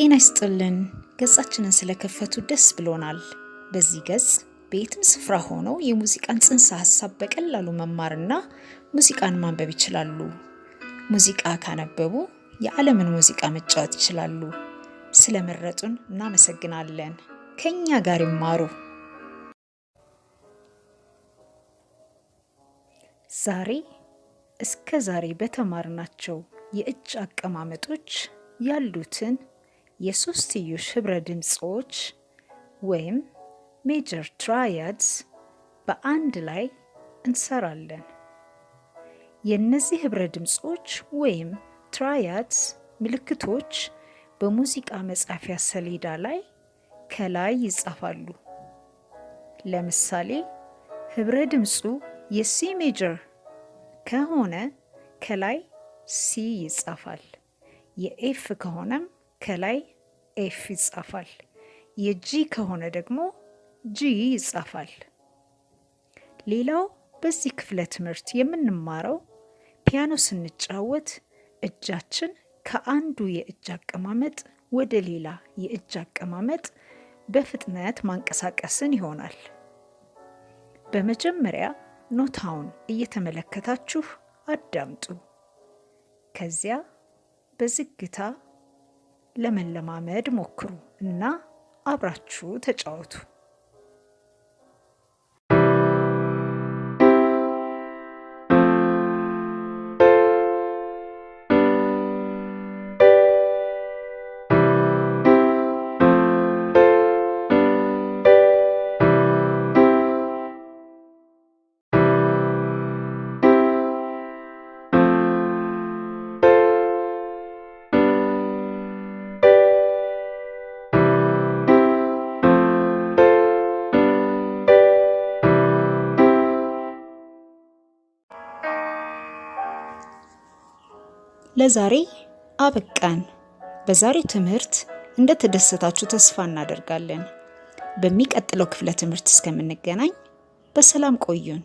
ጤና ይስጥልን። ገጻችንን ስለከፈቱ ደስ ብሎናል። በዚህ ገጽ በየትም ስፍራ ሆነው የሙዚቃን ጽንሰ ሀሳብ በቀላሉ መማርና ሙዚቃን ማንበብ ይችላሉ። ሙዚቃ ካነበቡ የዓለምን ሙዚቃ መጫወት ይችላሉ። ስለመረጡን እናመሰግናለን። ከኛ ጋር ይማሩ። ዛሬ እስከ ዛሬ በተማርናቸው የእጅ አቀማመጦች ያሉትን የሶስትዮሽ ህብረ ድምፆች ወይም ሜጀር ትራያድስ በአንድ ላይ እንሰራለን። የእነዚህ ህብረ ድምፆች ወይም ትራያድስ ምልክቶች በሙዚቃ መጻፊያ ሰሌዳ ላይ ከላይ ይጻፋሉ። ለምሳሌ ህብረ ድምፁ የሲ ሜጀር ከሆነ ከላይ ሲ ይጻፋል። የኤፍ ከሆነም ከላይ ኤፍ ይጻፋል። የጂ ከሆነ ደግሞ ጂ ይጻፋል። ሌላው በዚህ ክፍለ ትምህርት የምንማረው ፒያኖ ስንጫወት እጃችን ከአንዱ የእጅ አቀማመጥ ወደ ሌላ የእጅ አቀማመጥ በፍጥነት ማንቀሳቀስን ይሆናል። በመጀመሪያ ኖታውን እየተመለከታችሁ አዳምጡ። ከዚያ በዝግታ ለመለማመድ ሞክሩ እና አብራችሁ ተጫወቱ። ለዛሬ አበቃን። በዛሬው ትምህርት እንደተደሰታችሁ ተስፋ እናደርጋለን። በሚቀጥለው ክፍለ ትምህርት እስከምንገናኝ በሰላም ቆዩን።